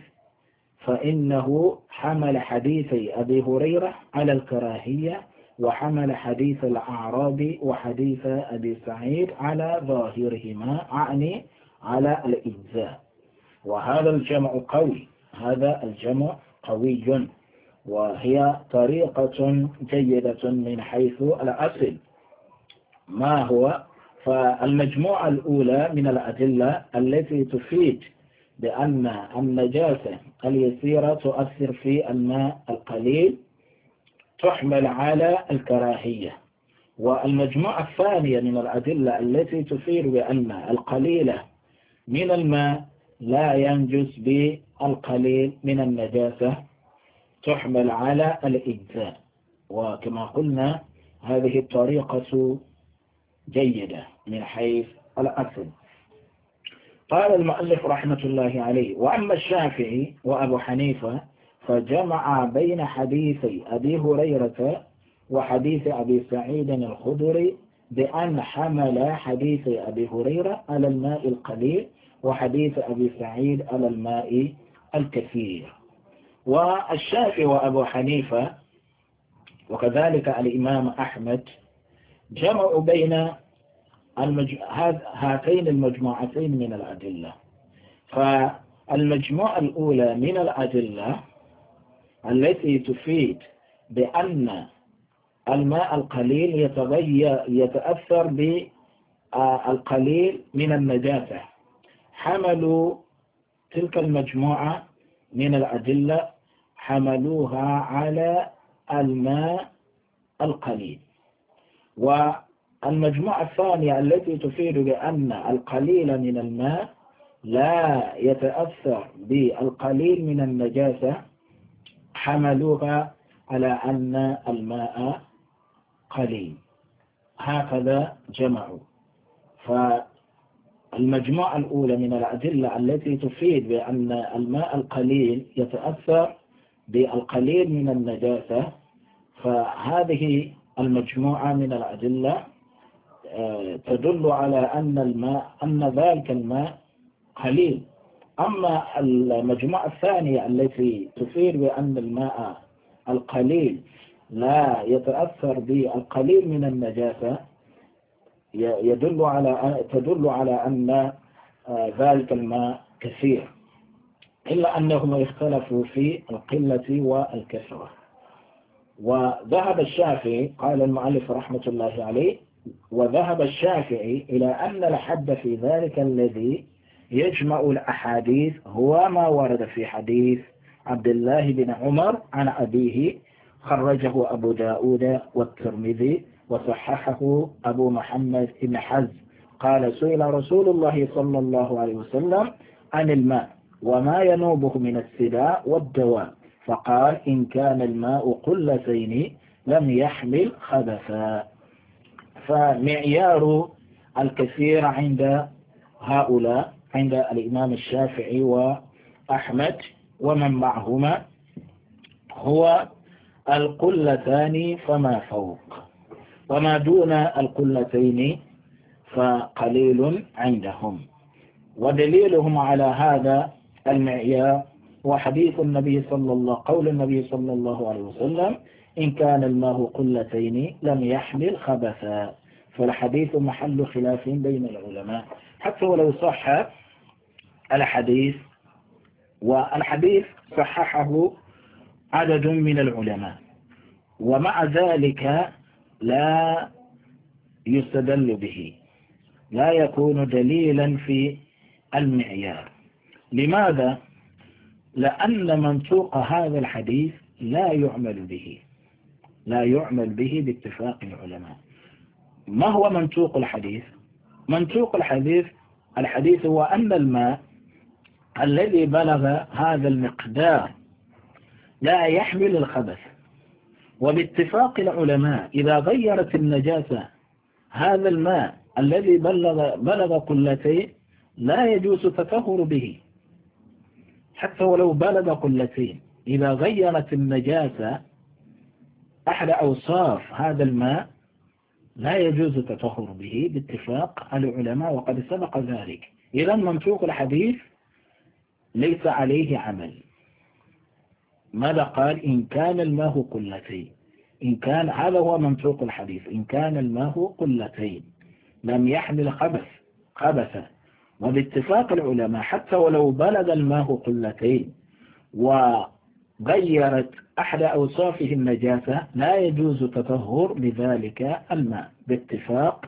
S1: فإنه حمل حديث أبي هريرة على الكراهية وحمل حديث الأعرابي وحديث أبي سعيد على ظاهرهما أعني على الإجزاء وهذا الجمع قوي هذا الجمع قوي وهي طريقة جيدة من حيث الأصل ما هو فالمجموعة الأولى من الأدلة التي تفيد بأن النجاسة اليسيرة تؤثر في الماء القليل تحمل على الكراهية والمجموعة الثانية من الأدلة التي تفيد بأن القليلة من الماء لا ينجس بالقليل من النجاسة تحمل على الإجزاء وكما قلنا هذه الطريقة جيدة من حيث الأصل قال المؤلف رحمة الله عليه وأما الشافعي وأبو حنيفة فجمع بين حديثي أبي هريرة وحديث أبي سعيد الخدري بأن حمل حديث أبي هريرة على الماء القليل وحديث أبي سعيد على الماء الكثير والشافعي وأبو حنيفة وكذلك الإمام أحمد جمعوا بين المج... هاتين المجموعتين من الأدلة فالمجموعة الأولى من الأدلة التي تفيد بأن الماء القليل يتغير يتأثر بالقليل آه، من النجاسة حملوا تلك المجموعة من الأدلة حملوها على الماء القليل والمجموعة الثانية التي تفيد بأن القليل من الماء لا يتأثر بالقليل من النجاسة حملوها على أن الماء قليل هكذا جمعوا المجموعة الأولى من الأدلة التي تفيد بأن الماء القليل يتأثر بالقليل من النجاسة فهذه المجموعة من الأدلة آه، تدل على أن الماء أن ذلك الماء قليل أما المجموعة الثانية التي تفيد بأن الماء القليل لا يتأثر بالقليل من النجاسة يدل على تدل على أن آه، ذلك الماء كثير إلا أنهم اختلفوا في القلة والكثرة وذهب الشافعي قال المؤلف رحمة الله عليه وذهب الشافعي إلى أن الحد في ذلك الذي يجمع الأحاديث هو ما ورد في حديث عبد الله بن عمر عن أبيه خرجه أبو داود والترمذي وصححه أبو محمد بن حزم قال سئل رسول الله صلى الله عليه وسلم عن الماء وما ينوبه من السداء والدواء فقال إن كان الماء قلتين لم يحمل خبثا فمعيار الكثير عند هؤلاء عند الإمام الشافعي وأحمد ومن معهما هو القلتان فما فوق وما دون القلتين فقليل عندهم ودليلهم على هذا المعيار وحديث النبي صلى الله قول النبي صلى الله عليه وسلم إن كان الماء قلتين لم يحمل خبثا فالحديث محل خلاف بين العلماء حتى ولو صح الحديث والحديث صححه عدد من العلماء ومع ذلك لا يستدل به لا يكون دليلا في المعيار لماذا؟ لأن منطوق هذا الحديث لا يعمل به لا يعمل به باتفاق العلماء ما هو منطوق الحديث؟ منطوق الحديث الحديث هو أن الماء الذي بلغ هذا المقدار لا يحمل الخبث وباتفاق العلماء إذا غيرت النجاسة هذا الماء الذي بلغ, بلغ قلتين لا يجوز تطهر به حتى ولو بلغ قلتين إذا غيرت النجاسة أحد أوصاف هذا الماء لا يجوز التطهر به باتفاق العلماء وقد سبق ذلك إذا منطوق الحديث ليس عليه عمل ماذا قال إن كان الماء قلتين إن كان هذا هو منطوق الحديث إن كان الماء قلتين لم يحمل خبث خبثا وباتفاق العلماء حتى ولو بلغ الماء قلتين وغيرت أحد أوصافه النجاسة لا يجوز تطهر بذلك الماء باتفاق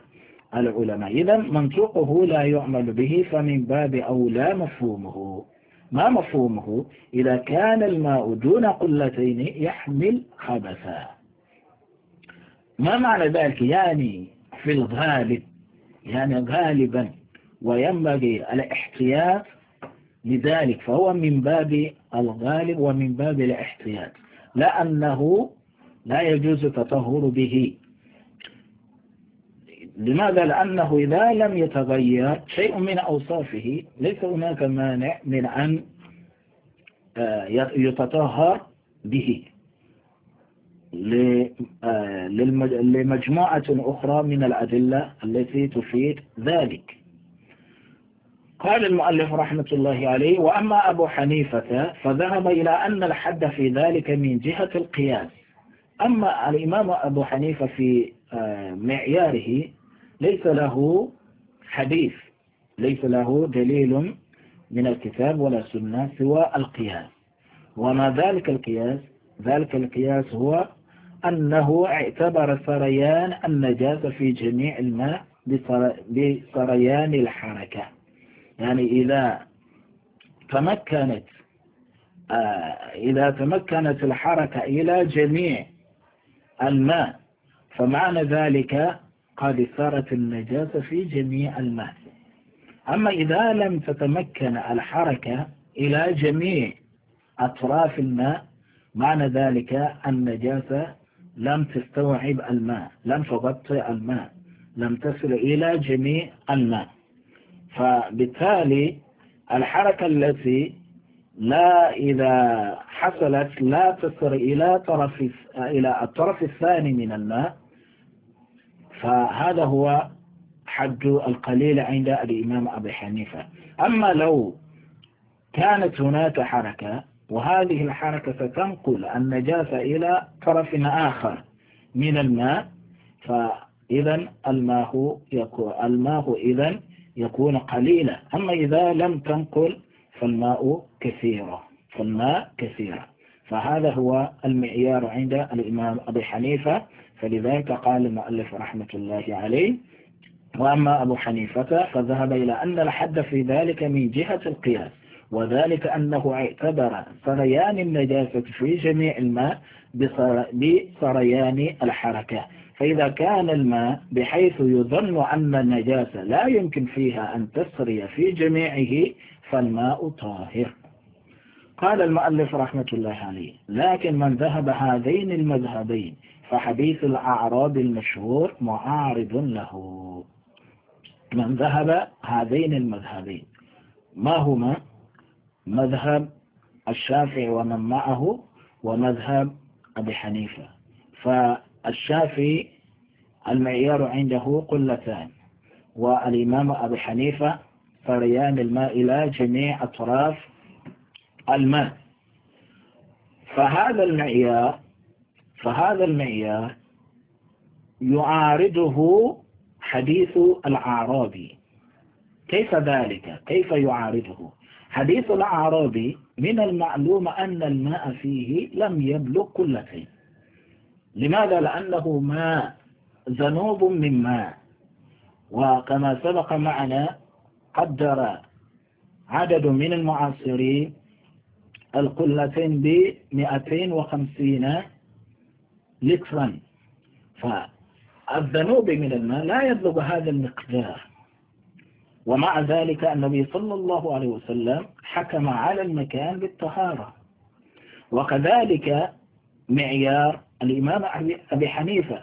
S1: العلماء إذا منطوقه لا يعمل به فمن باب أولى مفهومه ما مفهومه إذا كان الماء دون قلتين يحمل خبثا ما معنى ذلك يعني في الغالب يعني غالبا وينبغي الاحتياط لذلك فهو من باب الغالب ومن باب الاحتياط لأنه لا يجوز التطهر به لماذا؟ لأنه إذا لم يتغير شيء من أوصافه ليس هناك مانع من أن آه، يتطهر به آه، لمجموعة أخرى من الأدلة التي تفيد ذلك قال المؤلف رحمة الله عليه وأما أبو حنيفة فذهب إلى أن الحد في ذلك من جهة القياس أما الإمام أبو حنيفة في آه، معياره ليس له حديث ليس له دليل من الكتاب ولا سنة سوى القياس وما ذلك القياس ذلك القياس هو أنه اعتبر سريان النجاسة في جميع الماء بسريان الحركة يعني إذا تمكنت آه، إذا تمكنت الحركة إلى جميع الماء فمعنى ذلك قد صارت النجاسة في جميع الماء أما إذا لم تتمكن الحركة إلى جميع أطراف الماء معنى ذلك النجاسة لم تستوعب الماء لم تغطي الماء لم تصل إلى جميع الماء فبالتالي الحركة التي لا إذا حصلت لا تصل إلى طرف إلى الطرف الثاني من الماء فهذا هو حد القليل عند الإمام أبي حنيفة أما لو كانت هناك حركة وهذه الحركة ستنقل النجاسة إلى طرف آخر من الماء فإذا الماء يكون الماء إذا يكون قليلا أما إذا لم تنقل فالماء كثيرة فالماء كثيرة فهذا هو المعيار عند الإمام أبي حنيفة فلذلك قال المؤلف رحمة الله عليه وأما أبو حنيفة فذهب إلى أن الحد في ذلك من جهة القياس وذلك أنه اعتبر سريان النجاسة في جميع الماء بسريان الحركة فإذا كان الماء بحيث يظن أن النجاسة لا يمكن فيها أن تسري في جميعه فالماء طاهر قال المؤلف رحمة الله عليه لكن من ذهب هذين المذهبين فحديث الأعراب المشهور معارض له من ذهب هذين المذهبين ما هما مذهب الشافعي ومن معه ومذهب أبي حنيفة فالشافعي المعيار عنده قلتان والإمام أبي حنيفة فريان الماء إلى جميع أطراف الماء فهذا المعيار فهذا المعيار يعارضه حديث الأعرابي كيف ذلك كيف يعارضه حديث الأعرابي من المعلوم أن الماء فيه لم يبلغ كل شيء لماذا لأنه ماء ذنوب من ماء وكما سبق معنا قدر عدد من المعاصرين القلتين ب 250 لترا فالذنوب من الماء لا يبلغ هذا المقدار ومع ذلك النبي صلى الله عليه وسلم حكم على المكان بالطهارة وكذلك معيار الإمام أبي حنيفة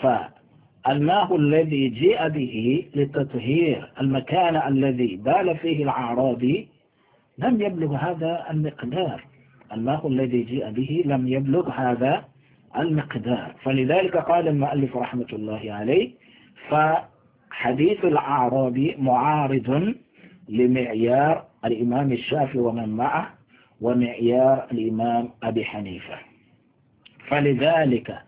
S1: فالماء الذي جاء به لتطهير المكان الذي بال فيه العراضي لم يبلغ هذا المقدار الماء الذي جاء به لم يبلغ هذا المقدار فلذلك قال المؤلف رحمة الله عليه فحديث الأعرابي معارض لمعيار الإمام الشافعي ومن معه ومعيار الإمام أبي حنيفة فلذلك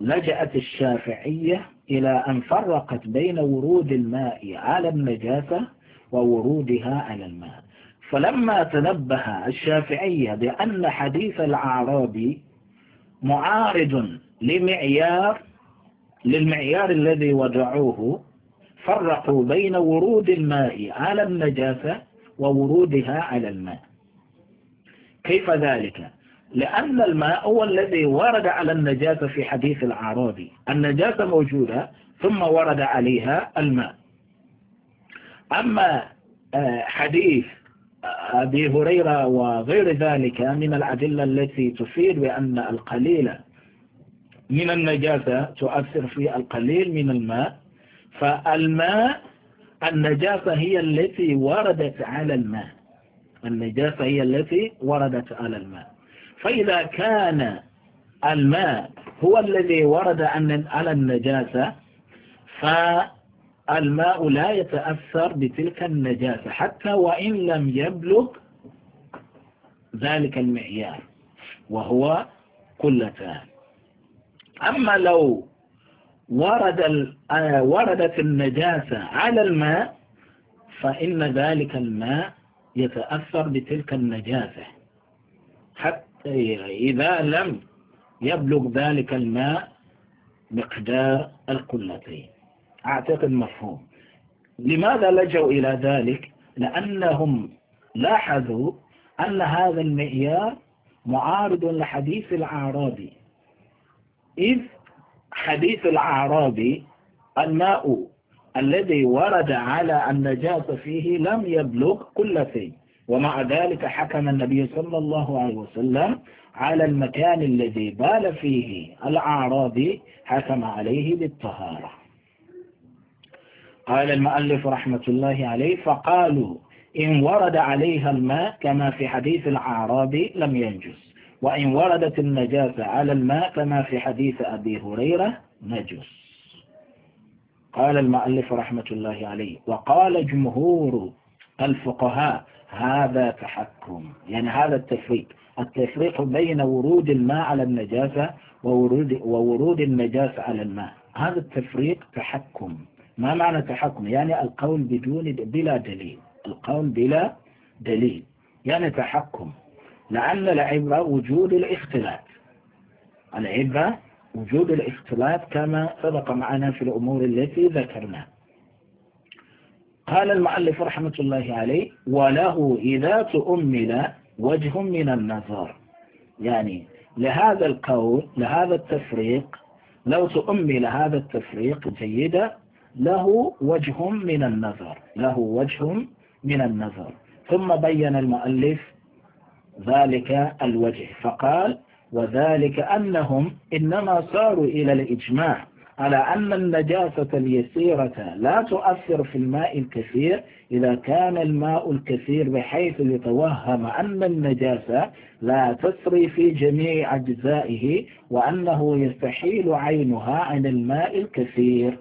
S1: لجأت الشافعية إلى أن فرقت بين ورود الماء على النجاسة وورودها على الماء فلما تنبه الشافعية بأن حديث الأعرابي معارض لمعيار للمعيار الذي وضعوه فرقوا بين ورود الماء على النجاسة وورودها على الماء كيف ذلك؟ لأن الماء هو الذي ورد على النجاسة في حديث العراضي النجاسة موجودة ثم ورد عليها الماء أما آه، حديث أبي هريرة وغير ذلك من الأدلة التي تفيد بأن القليل من النجاسة تؤثر في القليل من الماء فالماء النجاسة هي التي وردت على الماء النجاسة هي التي وردت على الماء فإذا كان الماء هو الذي ورد على النجاسة فالنجاسة الماء لا يتأثر بتلك النجاسة حتى وإن لم يبلغ ذلك المعيار وهو كلتان أما لو ورد آه، وردت النجاسة على الماء فإن ذلك الماء يتأثر بتلك النجاسة حتى إذا لم يبلغ ذلك الماء مقدار القلتين أعتقد مفهوم لماذا لجوا إلى ذلك لأنهم لاحظوا أن هذا المعيار معارض لحديث الأعرابي إذ حديث الأعرابي الماء الذي ورد على النجاة فيه لم يبلغ كل شيء ومع ذلك حكم النبي صلى الله عليه وسلم على المكان الذي بال فيه الأعرابي حكم عليه بالطهارة قال المؤلف رحمة الله عليه فقالوا إن ورد عليها الماء كما في حديث العرابي لم ينجس وإن وردت النجاسة على الماء كما في حديث أبي هريرة نجس قال المؤلف رحمة الله عليه وقال جمهور الفقهاء هذا تحكم يعني هذا التفريق التفريق بين ورود الماء على النجاسة وورود, وورود النجاسة على الماء هذا التفريق تحكم ما معنى تحكم يعني القول بدون بلا دليل القول بلا دليل يعني تحكم لعل العبرة وجود الاختلاف العبرة وجود الاختلاف كما سبق معنا في الأمور التي ذكرناها قال المؤلف رحمة الله عليه وله إذا تؤمل وجه من النظر يعني لهذا القول لهذا التفريق لو تؤمل هذا التفريق جيدة له وجه من النظر له وجه من النظر ثم بين المؤلف ذلك الوجه فقال وذلك أنهم إنما صاروا إلى الإجماع على أن النجاسة اليسيرة لا تؤثر في الماء الكثير إذا كان الماء الكثير بحيث يتوهم أن النجاسة لا تسري في جميع أجزائه وأنه يستحيل عينها عن الماء الكثير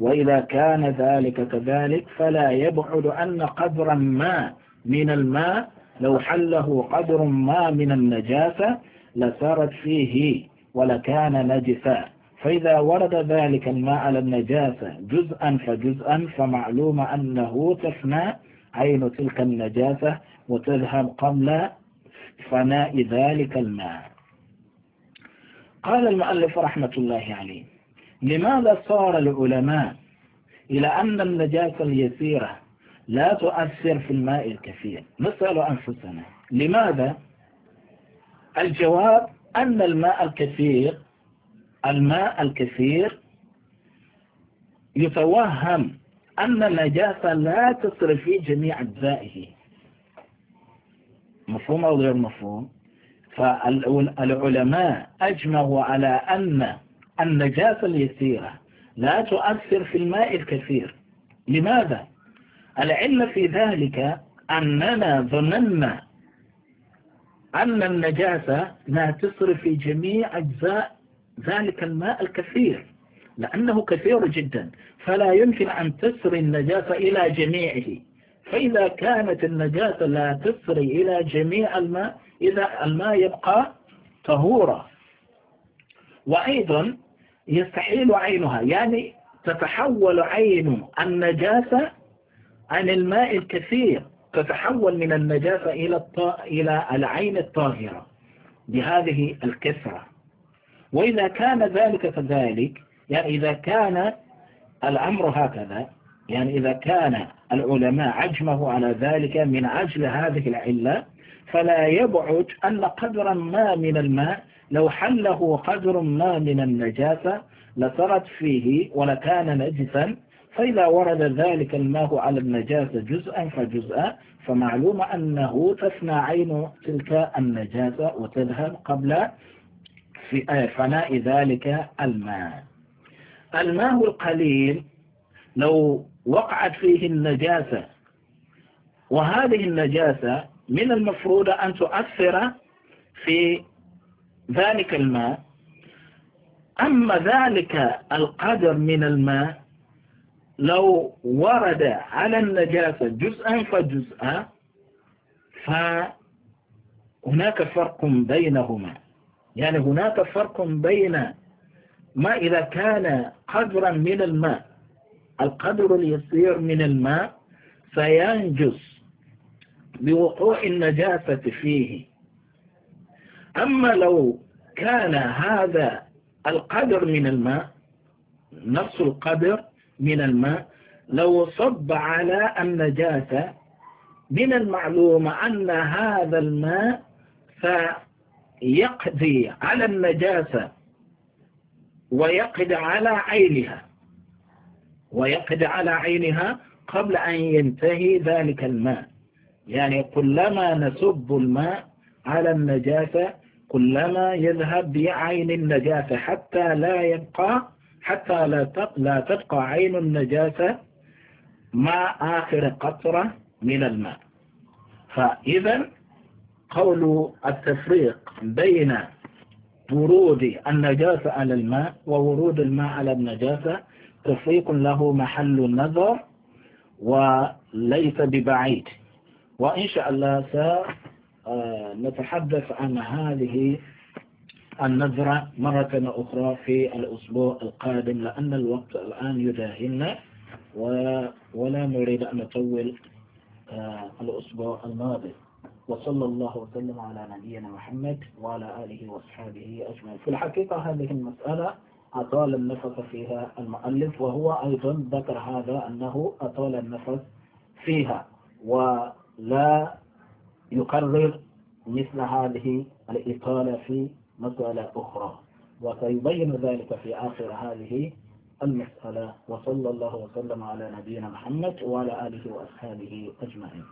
S1: وإذا كان ذلك كذلك فلا يبعد أن قدرا ما من الماء لو حله قدر ما من النجاسة لسارت فيه ولكان نجسا فإذا ورد ذلك الماء على النجاسة جزءا فجزءا فمعلوم أنه تفنى عين تلك النجاسة وتذهب قبل فناء ذلك الماء قال المؤلف رحمة الله عليه لماذا صار العلماء إلى أن النجاسة اليسيرة لا تؤثر في الماء الكثير نسأل أنفسنا لماذا الجواب أن الماء الكثير الماء الكثير يتوهم أن النجاسة لا تصرف في جميع أجزائه مفهوم أو غير مفهوم فالعلماء أجمعوا على أن النجاسة اليسيرة لا تؤثر في الماء الكثير لماذا؟ العلم في ذلك أننا ظننا أن النجاسة لا تسري في جميع أجزاء ذلك الماء الكثير لأنه كثير جدا فلا يمكن أن تسري النجاسة إلى جميعه فإذا كانت النجاسة لا تسري إلى جميع الماء إذا الماء يبقى طهورا وأيضا يستحيل عينها يعني تتحول عين النجاسة عن الماء الكثير تتحول من النجاسة إلى الط... إلى العين الطاهرة بهذه الكثرة وإذا كان ذلك فذلك يعني إذا كان الأمر هكذا يعني إذا كان العلماء عجمه على ذلك من عجل هذه العلة فلا يبعد أن قدرا ما من الماء لو حله قدر ما من النجاسة لسرت فيه ولكان نجسا فإذا ورد ذلك الماء على النجاسة جزءا فجزءا فمعلوم أنه تفنى عين تلك النجاسة وتذهب قبل آه، فناء ذلك الماء الماء القليل لو وقعت فيه النجاسة وهذه النجاسة من المفروض أن تؤثر في ذلك الماء أما ذلك القدر من الماء لو ورد على النجاسة جزءا فجزءا فهناك فرق بينهما يعني هناك فرق بين ما إذا كان قدرا من الماء القدر اليسير من الماء سينجس بوقوع النجاسة فيه أما لو كان هذا القدر من الماء نفس القدر من الماء لو صب على النجاسة من المعلوم أن هذا الماء فيقضي على النجاسة ويقضي على عينها ويقضي على عينها قبل أن ينتهي ذلك الماء يعني كلما نسب الماء على النجاسة كلما يذهب بعين النجاسة حتى لا يبقى حتى لا لا تبقى عين النجاسة مع آخر قطرة من الماء فإذا قول التفريق بين ورود النجاسة على الماء وورود الماء على النجاسة تفريق له محل النظر وليس ببعيد وإن شاء الله سأ آه، نتحدث عن هذه النظرة مرة أخرى في الأسبوع القادم لأن الوقت الآن يداهمنا ولا نريد أن نطول آه، الأسبوع الماضي وصلى الله وسلم على نبينا محمد وعلى آله وأصحابه أجمعين في الحقيقة هذه المسألة أطال النفس فيها المؤلف وهو أيضا ذكر هذا أنه أطال النفس فيها ولا يقرر مثل هذه الإطالة في مسألة أخرى وسيبين ذلك في آخر هذه المسألة وصلى الله وسلم على نبينا محمد وعلى آله وأصحابه أجمعين